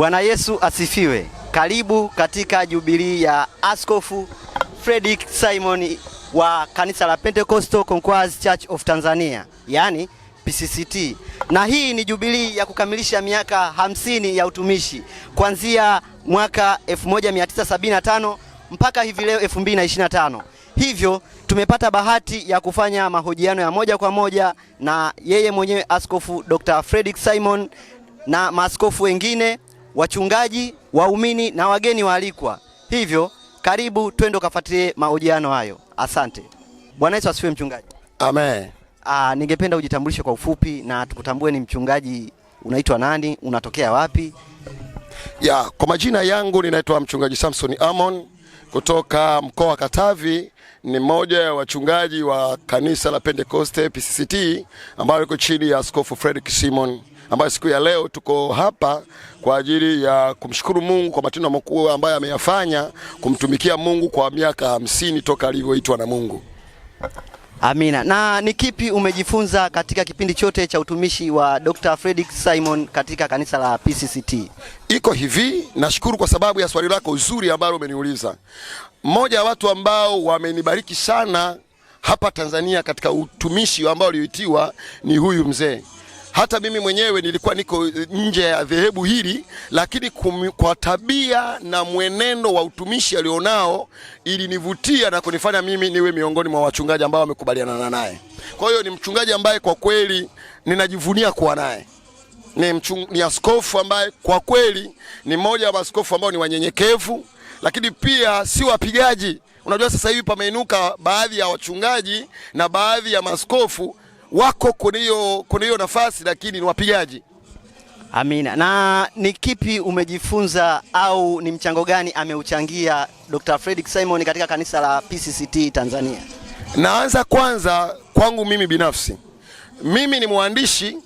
Bwana Yesu asifiwe. Karibu katika jubilii ya Askofu Fredrick Simon wa kanisa la Pentecostal Conquerors Church of Tanzania, yaani PCCT. Na hii ni jubilii ya kukamilisha miaka hamsini ya utumishi kuanzia mwaka 1975 mpaka hivi leo 2025. Hivyo tumepata bahati ya kufanya mahojiano ya moja kwa moja na yeye mwenyewe Askofu Dr. Fredrick Simon na maaskofu wengine wachungaji, waumini na wageni waalikwa. Hivyo karibu twende ukafuatilie mahojiano hayo. Asante. Bwana Yesu asifiwe, mchungaji. Amen. Ah, ningependa ujitambulishe kwa ufupi na tukutambue ni mchungaji, unaitwa nani, unatokea wapi? Ya, kwa majina yangu ninaitwa mchungaji Samson Amon kutoka mkoa wa Katavi. Ni mmoja ya wachungaji wa kanisa la Pentecoste PCCT ambayo iko chini ya Askofu Frederick Simon ambayo siku ya leo tuko hapa kwa ajili ya kumshukuru Mungu kwa matendo makubwa ambayo ameyafanya, kumtumikia Mungu kwa miaka hamsini toka alivyoitwa na Mungu. Amina. Na ni kipi umejifunza katika kipindi chote cha utumishi wa Dr. Fredrick Simon katika kanisa la PCCT? Iko hivi, nashukuru kwa sababu ya swali lako zuri ambalo umeniuliza. Mmoja wa watu ambao wamenibariki sana hapa Tanzania katika utumishi ambao ulioitiwa ni huyu mzee hata mimi mwenyewe nilikuwa niko eh, nje ya dhehebu hili, lakini kum, kwa tabia na mwenendo wa utumishi alionao ilinivutia na kunifanya mimi niwe miongoni mwa wachungaji ambao wamekubaliana naye. Kwa hiyo ni mchungaji ambaye kwa kweli ninajivunia kuwa naye ni, ni askofu ambaye kwa kweli ni mmoja wa maskofu ambao ni wanyenyekevu, lakini pia si wapigaji. Unajua sasa hivi pameinuka baadhi ya wachungaji na baadhi ya maskofu wako kwenye hiyo nafasi, lakini ni wapigaji. Amina. Na ni kipi umejifunza au ni mchango gani ameuchangia Dr. Fredrick Simon katika kanisa la PCCT Tanzania? Naanza kwanza kwangu mimi binafsi, mimi ni mwandishi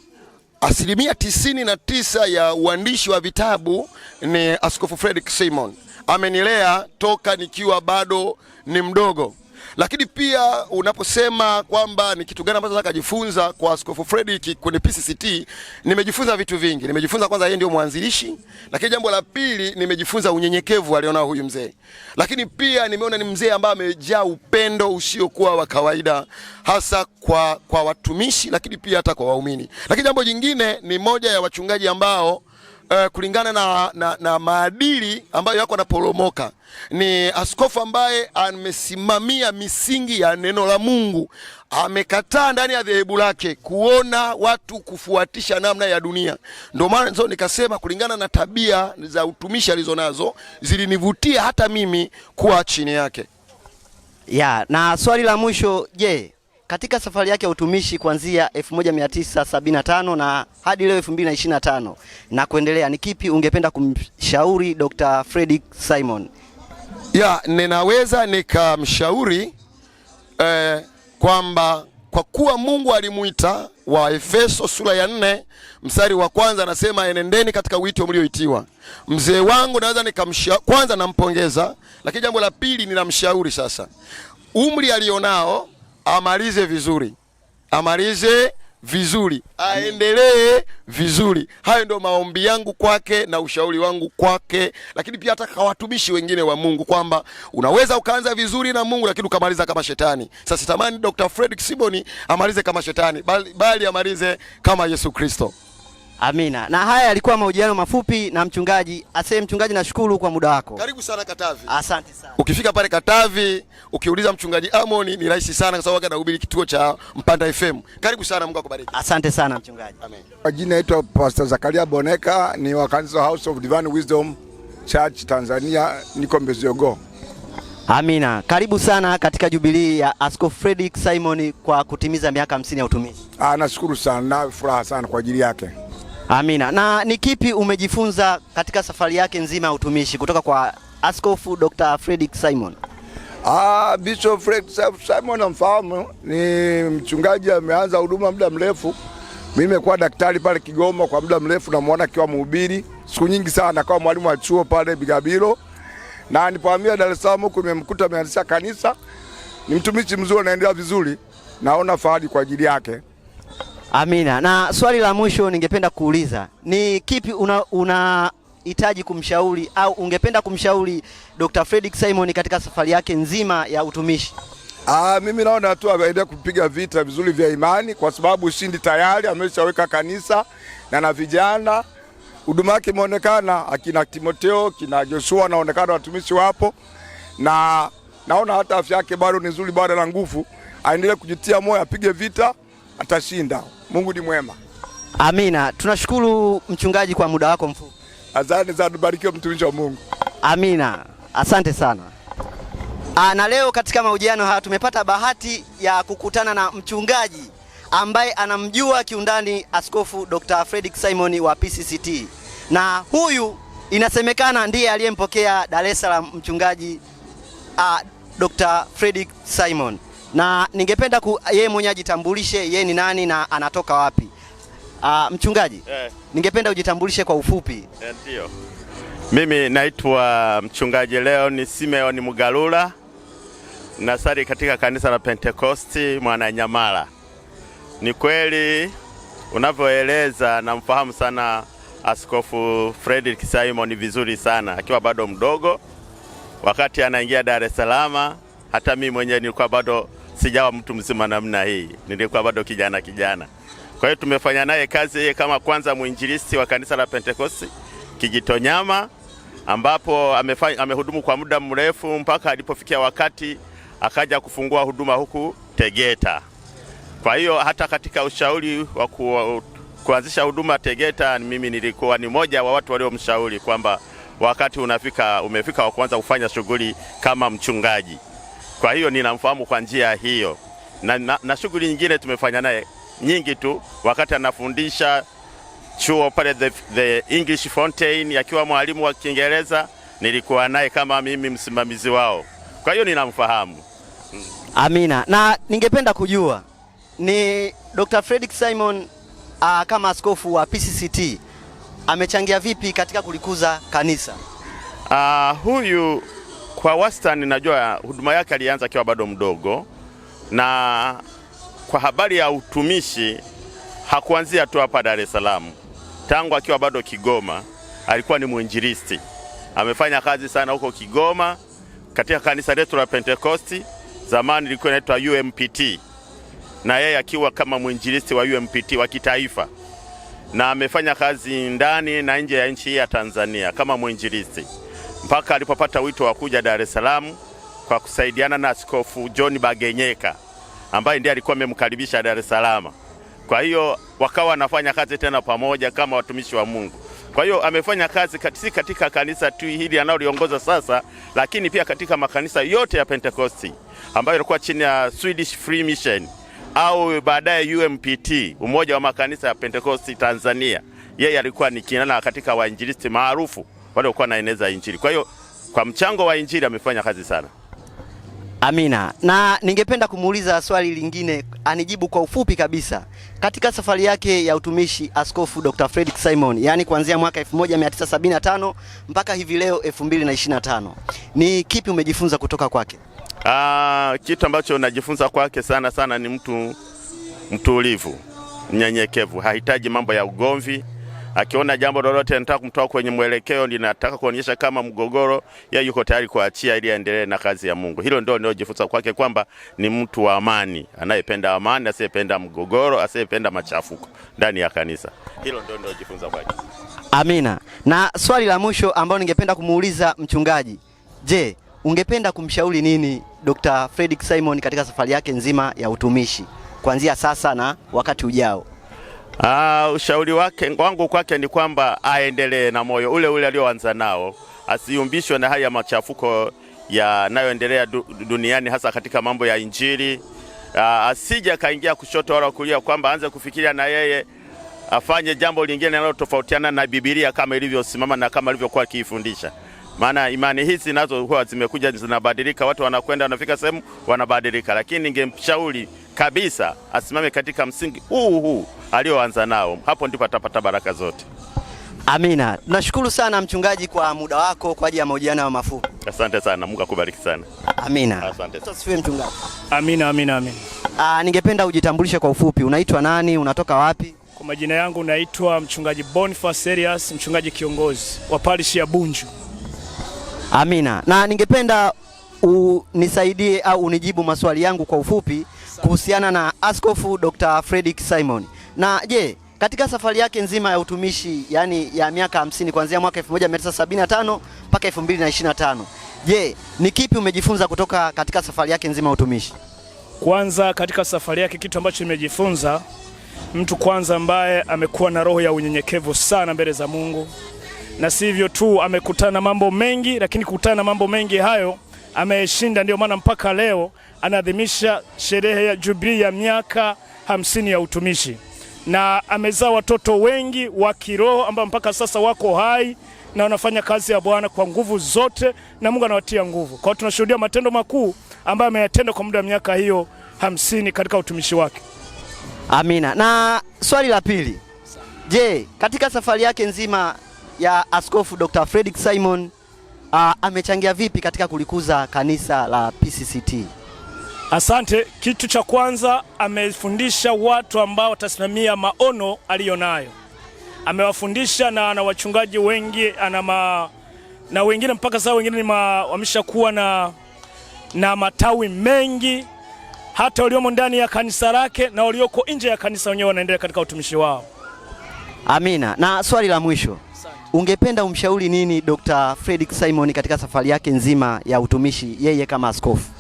asilimia tisini na tisa ya uandishi wa vitabu ni Askofu Fredrick Simon. Amenilea toka nikiwa bado ni mdogo lakini pia unaposema kwamba ni kitu gani ambacho nataka kujifunza kwa Askofu Fredrick kwenye PCCT, nimejifunza vitu vingi. Nimejifunza kwanza, yeye ndio mwanzilishi, lakini jambo la pili nimejifunza unyenyekevu alionao huyu mzee, lakini pia nimeona ni mzee ambaye amejaa upendo usiokuwa wa kawaida, hasa kwa, kwa watumishi, lakini pia hata kwa waumini. Lakini jambo jingine ni moja ya wachungaji ambao uh, kulingana na, na, na maadili ambayo yako anaporomoka Ni askofu ambaye amesimamia misingi ya neno la Mungu, amekataa ndani ya dhehebu lake kuona watu kufuatisha namna ya dunia. Ndio maana nikasema kulingana na tabia za utumishi alizonazo zilinivutia hata mimi kuwa chini yake ya. Na swali la mwisho, je, katika safari yake ya utumishi kuanzia 1975 na hadi leo 2025 na kuendelea, ni kipi ungependa kumshauri Dr. Fredrick Simon? Ya, ninaweza nikamshauri eh, kwamba kwa kuwa Mungu alimuita, wa Efeso sura ya nne mstari wa kwanza anasema enendeni katika wito mlioitiwa. Mzee wangu naweza nikamshauri, kwanza nampongeza, lakini jambo la pili ninamshauri sasa, umri alionao amalize vizuri, amalize vizuri, aendelee vizuri. Hayo ndio maombi yangu kwake na ushauri wangu kwake, lakini pia hata kwa watumishi wengine wa Mungu kwamba unaweza ukaanza vizuri na Mungu lakini ukamaliza kama shetani. Sasa sitamani Dr. Fredrick Siboni amalize kama shetani, bali, bali amalize kama Yesu Kristo. Amina. Na haya yalikuwa mahojiano mafupi na mchungaji Asee. Mchungaji, nashukuru kwa muda wako. Karibu sana Katavi. Asante sana. Ukifika pale Katavi, ukiuliza mchungaji Amoni ni rahisi sana, kwa sababu anahubiri kituo cha Mpanda FM. Karibu sana, Mungu akubariki. Asante sana mchungaji. Amen. Kwa jina naitwa Pastor Zakaria Boneka, ni wa kanisa House of Divine Wisdom Church Tanzania, niko Mbeziogo. Amina. Karibu sana katika jubilii ya Askofu Fredrick Simon kwa kutimiza miaka 50 ya utumishi. Ah, nashukuru sana na furaha sana kwa ajili yake. Amina. Na ni kipi umejifunza katika safari yake nzima ya utumishi kutoka kwa Askofu Dr. Fredrick Simon? Ah, Bishop Fredrick Simon namfahamu, ni mchungaji ameanza huduma muda mrefu. Mimi nimekuwa daktari pale Kigoma kwa muda mrefu, namwona akiwa mhubiri siku nyingi sana, kawa mwalimu wa chuo pale Bigabilo, na nipoamia Dar es Salaam huku nimemkuta ameanzisha kanisa. Ni mtumishi mzuri, anaendelea vizuri, naona fahari kwa ajili yake. Amina. Na swali la mwisho ningependa kuuliza ni kipi unahitaji una kumshauri au ungependa kumshauri Dr. Fredrick Simon katika safari yake nzima ya utumishi? Aa, ah, mimi naona tu aendelee kupiga vita vizuri vya imani kwa sababu ushindi tayari ameshaweka kanisa na na vijana huduma yake imeonekana, akina Timoteo kina Joshua naonekana watumishi wapo, na naona hata afya yake bado ni nzuri, bado na nguvu. Aendelee kujitia moyo, apige vita atashinda. Mungu ni mwema. Amina. Tunashukuru mchungaji kwa muda wako mfupi. Asante sana, barikiwe mtumishi wa Mungu. Amina, asante sana. Aa, ah, na leo katika mahojiano haya tumepata bahati ya kukutana na mchungaji ambaye anamjua kiundani Askofu Dr. Fredrick Simon wa PCCT, na huyu inasemekana ndiye aliyempokea Dar es Salaam mchungaji uh, ah, Dr. Fredrick Simon na ningependa yeye mwenyewe ajitambulishe yeye ni nani na anatoka wapi. Uh, mchungaji yeah. ningependa ujitambulishe kwa ufupi. Eh, ndio. Mimi naitwa mchungaji leo ni Simeon Mugalula nasali katika kanisa la Pentekosti Mwananyamala. Ni kweli unavyoeleza, namfahamu sana Askofu Frederick Simon vizuri sana akiwa bado mdogo, wakati anaingia Dar es Salaam. Hata mimi mwenyewe nilikuwa bado sijawa mtu mzima namna hii, nilikuwa bado kijana kijana. Kwa hiyo tumefanya naye kazi yeye kama kwanza mwinjilisti wa kanisa la Pentekosti Kijitonyama, ambapo amefanya, amehudumu kwa muda mrefu mpaka alipofikia wakati akaja kufungua huduma huku Tegeta. Kwa hiyo hata katika ushauri wa kuanzisha huduma Tegeta, mimi nilikuwa ni moja wa watu waliomshauri kwamba wakati unafika, umefika wa kuanza kufanya shughuli kama mchungaji. Kwa hiyo ninamfahamu kwa njia hiyo, na, na, na shughuli nyingine tumefanya naye nyingi tu, wakati anafundisha chuo pale the, the English Fountain, akiwa mwalimu wa Kiingereza nilikuwa naye kama mimi msimamizi wao, kwa hiyo ninamfahamu. Amina, na ningependa kujua ni Dr. Fredrick Simon uh, kama askofu wa PCCT amechangia vipi katika kulikuza kanisa? uh, huyu kwa wastani najua huduma yake alianza akiwa bado mdogo, na kwa habari ya utumishi hakuanzia tu hapa Dar es Salaam. Tangu akiwa bado Kigoma alikuwa ni mwinjilisti, amefanya kazi sana huko Kigoma katika kanisa letu la Pentekosti, zamani ilikuwa inaitwa UMPT, na yeye akiwa kama mwinjilisti wa UMPT wa kitaifa, na amefanya kazi ndani na nje ya nchi hii ya Tanzania kama mwinjilisti mpaka alipopata wito wa kuja Dar es Salaam kwa kusaidiana na Askofu John Bagenyeka ambaye ndiye alikuwa amemkaribisha Dar es Salaam. Kwa hiyo wakawa wanafanya kazi tena pamoja kama watumishi wa Mungu. Kwa hiyo amefanya kazi si katika kanisa tu hili analoliongoza sasa, lakini pia katika makanisa yote ya Pentekosti ambayo ilikuwa chini ya Swedish Free Mission au baadaye UMPT, umoja wa makanisa ya Pentekosti Tanzania. Yeye alikuwa ni kinana katika wainjilisti maarufu walikuwa naeneza Injili. Kwa hiyo kwa mchango wa Injili amefanya kazi sana. Amina. Na ningependa kumuuliza swali lingine anijibu kwa ufupi kabisa. Katika safari yake ya utumishi Askofu Dr. Fredrick Simon, yaani kuanzia mwaka 1975 mpaka hivi leo 2025. Ni kipi umejifunza kutoka kwake? Ah, kitu ambacho najifunza kwake sana sana ni mtu mtulivu, mnyenyekevu, hahitaji mambo ya ugomvi akiona jambo lolote nataka kumtoa kwenye mwelekeo, linataka kuonyesha kama mgogoro, ye yuko tayari kuachia ili aendelee na kazi ya Mungu. Hilo ndio ninalojifunza kwake, kwamba ni mtu wa amani, anayependa amani, asiyependa mgogoro, asiyependa machafuko ndani ya kanisa. Hilo ndio ninalojifunza kwake. Amina. Na swali la mwisho ambalo ningependa kumuuliza mchungaji, je, ungependa kumshauri nini Dr. Fredrick Simon katika safari yake nzima ya utumishi kuanzia sasa na wakati ujao? Uh, ushauri wake wangu kwake ni kwamba aendelee na moyo ule ule alioanza nao, asiyumbishwe na haya ya machafuko yanayoendelea du, duniani hasa katika mambo ya Injili. Uh, asije akaingia kushoto wala kulia, kwamba aanze kufikiria na yeye afanye jambo lingine linalotofautiana na Biblia kama ilivyosimama na kama ilivyokuwa akiifundisha, maana imani hizi nazo huwa zimekuja zinabadilika, watu wanakwenda wanafika sehemu wanabadilika, lakini ningemshauri kabisa, asimame katika msingi huu huu alioanza nao, hapo ndipo atapata baraka zote. Amina. nashukuru sana mchungaji kwa muda wako kwa ajili ya mahojiano ya mafupi. Asante sana, Mungu akubariki sana. Amina. Asante. Tusifiwe mchungaji. Amina, amina, amina. Ah, ningependa ujitambulishe kwa ufupi. Unaitwa nani? Unatoka wapi? Kwa majina yangu naitwa mchungaji Boniface Serious, mchungaji kiongozi wa parish ya Bunju. Amina. Na ningependa unisaidie au unijibu maswali yangu kwa ufupi kuhusiana na Askofu Dr. Fredrick Simon. Na je, katika safari yake nzima ya utumishi yani ya miaka 50 kuanzia mwaka 1975 mpaka 2025. Je, ni kipi umejifunza kutoka katika safari yake nzima ya utumishi? Kwanza katika safari yake kitu ambacho nimejifunza, mtu kwanza ambaye amekuwa na roho ya unyenyekevu sana mbele za Mungu, na sivyo tu amekutana mambo mengi, lakini kukutana na mambo mengi hayo ameshinda, ndio maana mpaka leo anaadhimisha sherehe ya jubilii ya miaka hamsini ya utumishi, na amezaa watoto wengi wa kiroho ambao mpaka sasa wako hai na wanafanya kazi ya Bwana kwa nguvu zote, na Mungu anawatia nguvu. Kwa hiyo tunashuhudia matendo makuu ambayo ameyatenda kwa muda wa miaka hiyo hamsini katika utumishi wake. Amina. Na swali la pili, je, katika safari yake nzima ya Askofu Dr. Fredrick Simon uh, amechangia vipi katika kulikuza kanisa la PCCT? Asante. Kitu cha kwanza amefundisha watu ambao watasimamia maono aliyonayo, amewafundisha na ana wachungaji wengi ana ma, na wengine mpaka sasa wengine wameshakuwa na, na matawi mengi hata waliomo ndani ya kanisa lake na walioko nje ya kanisa wenyewe wanaendelea katika utumishi wao. Amina. Na swali la mwisho Sa Ungependa umshauri nini Dr. Fredrick Simon katika safari yake nzima ya utumishi yeye kama askofu?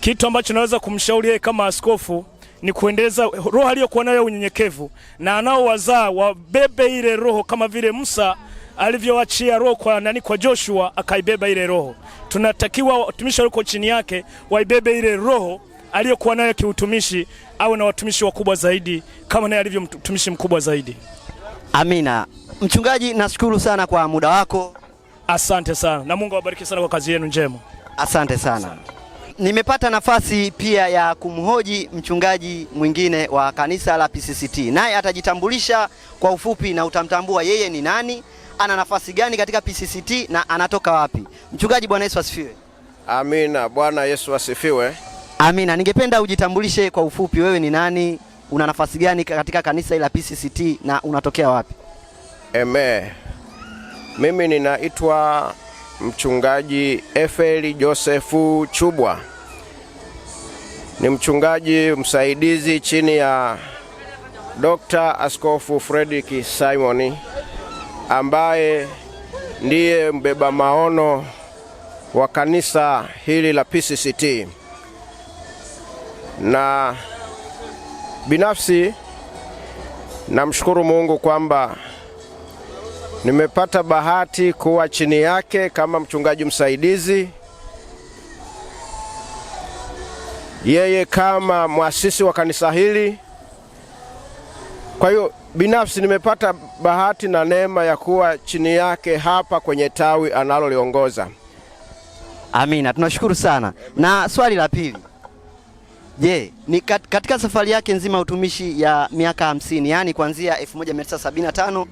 Kitu ambacho naweza kumshauri yeye kama askofu ni kuendeleza roho aliyokuwa nayo unyenyekevu, na anaowazaa wabebe ile roho kama vile Musa alivyoachia roho kwa nani, kwa Joshua akaibeba ile roho. Tunatakiwa watumishi walioko chini yake waibebe ile roho aliyokuwa nayo kiutumishi, awe na watumishi wakubwa zaidi kama naye alivyo mtumishi mkubwa zaidi. Amina. Mchungaji, nashukuru sana kwa muda wako. Asante sana na Mungu awabariki sana kwa kazi yenu njema. Asante sana. Asante. Nimepata nafasi pia ya kumhoji mchungaji mwingine wa kanisa la PCCT, naye atajitambulisha kwa ufupi na utamtambua yeye ni nani, ana nafasi gani katika PCCT na anatoka wapi. Mchungaji, Bwana Yesu asifiwe. Amina. Bwana Yesu asifiwe. Amina. Ningependa ujitambulishe kwa ufupi, wewe ni nani? una nafasi gani katika kanisa la PCCT na unatokea wapi? Eme, mimi ninaitwa mchungaji Efeli Josefu Chubwa, ni mchungaji msaidizi chini ya Dr. Askofu Fredrick Simoni ambaye ndiye mbeba maono wa kanisa hili la PCCT na Binafsi namshukuru Mungu kwamba nimepata bahati kuwa chini yake kama mchungaji msaidizi, yeye kama mwasisi wa kanisa hili. Kwa hiyo binafsi nimepata bahati na neema ya kuwa chini yake hapa kwenye tawi analoliongoza. Amina, tunashukuru sana. Na swali la pili Je, ni kat, katika safari yake nzima ya utumishi ya miaka hamsini yaani kuanzia 1975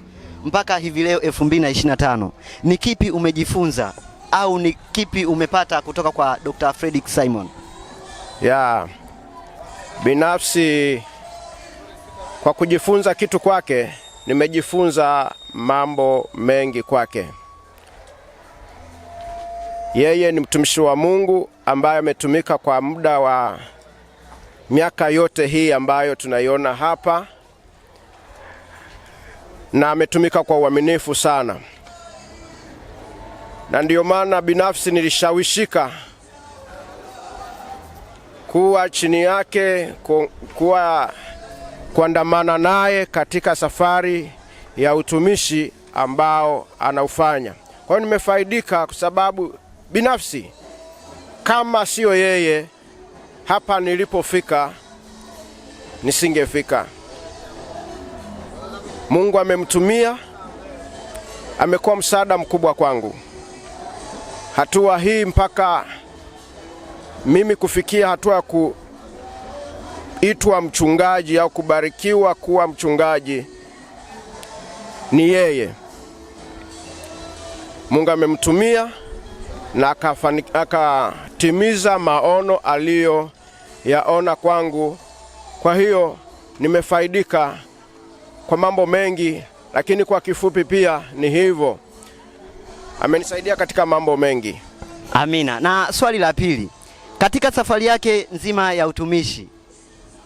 mpaka hivi leo 2025, ni kipi umejifunza au ni kipi umepata kutoka kwa Dr. Fredrick Simon? Ya binafsi kwa kujifunza kitu kwake, nimejifunza mambo mengi kwake. Yeye ni mtumishi wa Mungu ambaye ametumika kwa muda wa miaka yote hii ambayo tunaiona hapa, na ametumika kwa uaminifu sana, na ndiyo maana binafsi nilishawishika kuwa chini yake, kuwa kuandamana naye katika safari ya utumishi ambao anaufanya. Kwa hiyo nimefaidika kwa sababu binafsi, kama siyo yeye hapa nilipofika nisingefika. Mungu amemtumia, amekuwa msaada mkubwa kwangu. Hatua hii mpaka mimi kufikia hatua ya kuitwa mchungaji au kubarikiwa kuwa mchungaji ni yeye. Mungu amemtumia na akatimiza maono aliyo yaona kwangu. Kwa hiyo nimefaidika kwa mambo mengi, lakini kwa kifupi pia ni hivyo, amenisaidia katika mambo mengi. Amina. Na swali la pili, katika safari yake nzima ya utumishi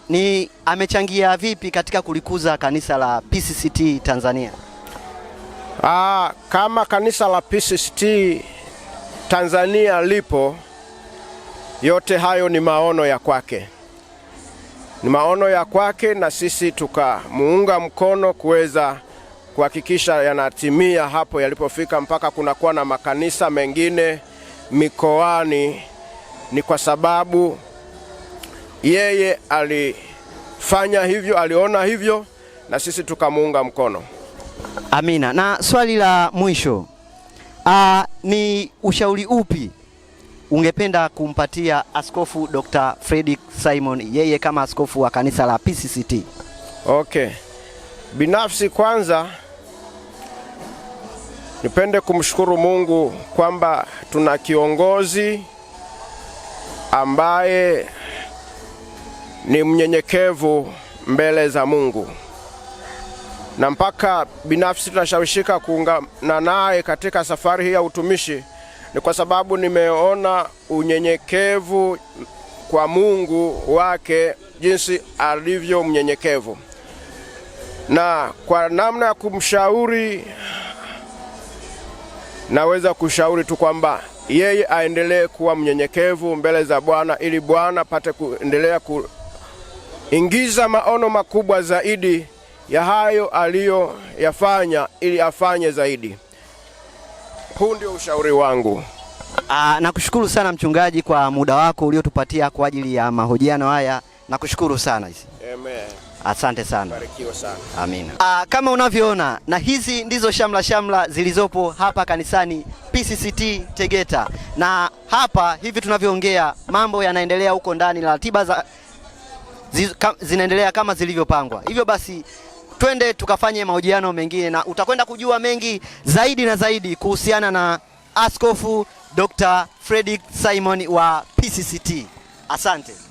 ni amechangia vipi katika kulikuza kanisa la PCCT Tanzania? Aa, ah, kama kanisa la PCCT Tanzania lipo yote hayo ni maono ya kwake, ni maono ya kwake, na sisi tukamuunga mkono kuweza kuhakikisha yanatimia hapo yalipofika, mpaka kunakuwa na makanisa mengine mikoani. Ni kwa sababu yeye alifanya hivyo, aliona hivyo, na sisi tukamuunga mkono. Amina. Na swali la mwisho, aa, ah, ni ushauri upi ungependa kumpatia Askofu Dr. Fredrick Simon, yeye kama askofu wa kanisa la PCCT? Okay, binafsi kwanza nipende kumshukuru Mungu kwamba tuna kiongozi ambaye ni mnyenyekevu mbele za Mungu na mpaka binafsi tunashawishika kuungana naye katika safari hii ya utumishi ni kwa sababu nimeona unyenyekevu kwa Mungu wake, jinsi alivyo mnyenyekevu, na kwa namna ya kumshauri, naweza kushauri tu kwamba yeye aendelee kuwa mnyenyekevu mbele za Bwana ili Bwana pate kuendelea kuingiza maono makubwa zaidi ya hayo aliyoyafanya, ili afanye zaidi. Huu ndio ushauri wangu. Aa, ah, nakushukuru sana mchungaji kwa muda wako uliotupatia kwa ajili ya mahojiano haya. Nakushukuru sana hizi. Amen. Asante sana. Barikiwa sana. Amina. Aa, ah, kama unavyoona na hizi ndizo shamla shamla zilizopo hapa kanisani PCCT Tegeta. Na hapa hivi tunavyoongea mambo yanaendelea huko ndani na ratiba za zinaendelea kama zilivyopangwa. Hivyo basi twende tukafanye mahojiano mengine, na utakwenda kujua mengi zaidi na zaidi kuhusiana na Askofu Dr. Fredrick Simon wa PCCT. Asante.